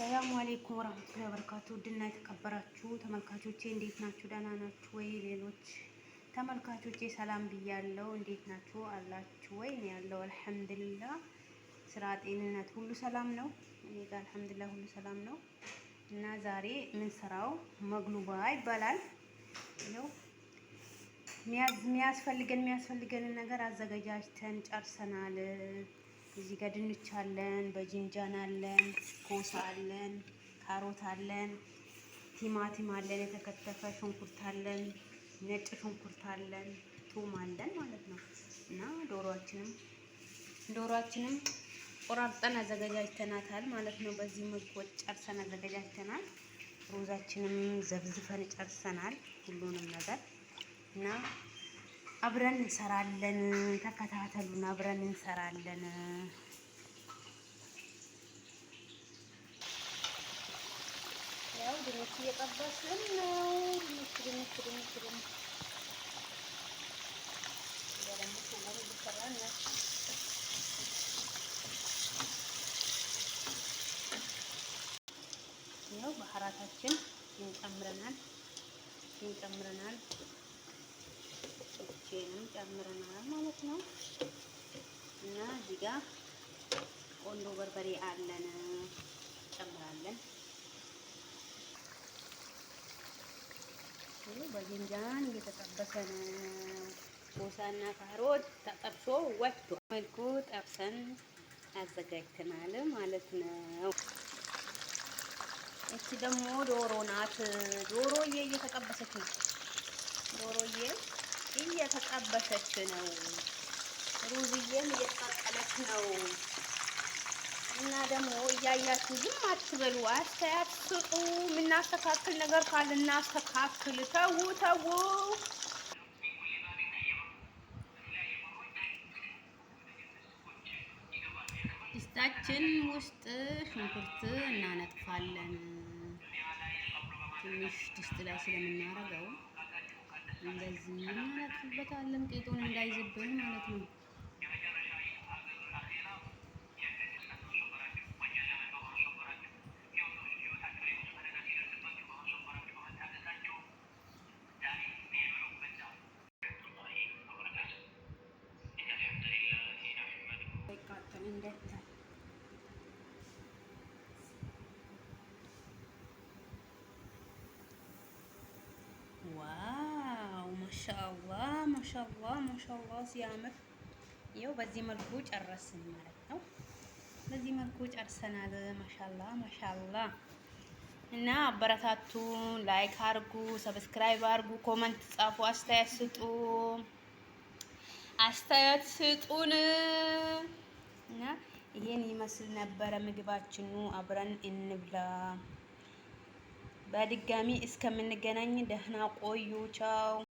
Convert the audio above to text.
ሰላም አሌይኩም ወራህመቱላሂ ወበረካቱ ውድና የተከበራችሁ ተመልካቾቼ እንዴት ናችሁ? ደህና ናችሁ ወይ? ሌሎች ተመልካቾቼ ሰላም ብያለሁ። እንዴት ናችሁ? አላችሁ ወይ? እኔ ያለው አልሐምድሊላ ስራ፣ ጤንነት ሁሉ ሰላም ነው። እኔ ጋር አልሐምድሊላ ሁሉ ሰላም ነው። እና ዛሬ የምንሰራው መግሉባ ይባላል። ይኸው የሚያስፈልገን የሚያስፈልገንን ነገር አዘገጃጅተን ጨርሰናል። እዚህ ጋር ድንች አለን፣ በጅንጃን አለን፣ ኮሳ አለን፣ ካሮት አለን፣ ቲማቲም አለን፣ የተከተፈ ሽንኩርት አለን፣ ነጭ ሽንኩርት አለን፣ ቱም አለን ማለት ነው እና ዶሮአችንም ዶሮአችንም ቆራርጠን አዘገጃጅተናታል ማለት ነው። በዚህ መልኩ ጨርሰን አዘገጃጅተናል። ሩዛችንም ዘብዝፈን ጨርሰናል ሁሉንም ነገር እና አብረን እንሰራለን። ተከታተሉን፣ አብረን እንሰራለን። ያው ድንች እየጠበስን ነው። ድንች ድንች ድንች ድንች ያው ባህራታችን እንጨምረናል እንጨምረናል ጨምረናል ማለት ነው። እና እዚህ ጋር ቆንጆ በርበሬ አለን ጨምራለን። በዝንጃን እየተጠበሰ ነው። ቦሳና ካሮት ተጠብሶ ወጥቶ መልኩ ጠብሰን አዘጋጅተናል ማለት ነው። እቺ ደግሞ ዶሮ ናት። ዶሮዬ እየተጠበሰች ነው። ዶሮዬ እየተጣበሰች ነው። ሩዝዬም እየተቀቀለች ነው። እና ደግሞ እያያችሁ ዝም አትበሉ፣ አስተያየት ስጡ። የምናስተካክል ነገር ካለ እናስተካክል። ተው ተው ድስታችን ውስጥ ሽንኩርት እናነጥፋለን። ትንሽ ድስት ላይ ስለምናደርገው እንደዚህ እናነጥፍበታለን ቂጡን እንዳይዝብን ማለት ነው። ማሻላ ማሻላ ማሻላ ሲያምር ይኸው በዚህ መልኩ ጨረስን ማለት ነው። በዚህ መልኩ ጨርሰናል። ማሻላ ማሻላ እና አበረታቱ ላይክ አርጉ፣ ሰብስክራይብ አርጉ፣ ኮመንት ጻፉ፣ አስተያየት ስጡ፣ አስተያየት ስጡን እና ይሄን ይመስል ነበረ ምግባችኑ። አብረን እንብላ። በድጋሚ እስከምንገናኝ ደህና ቆዩ። ቻው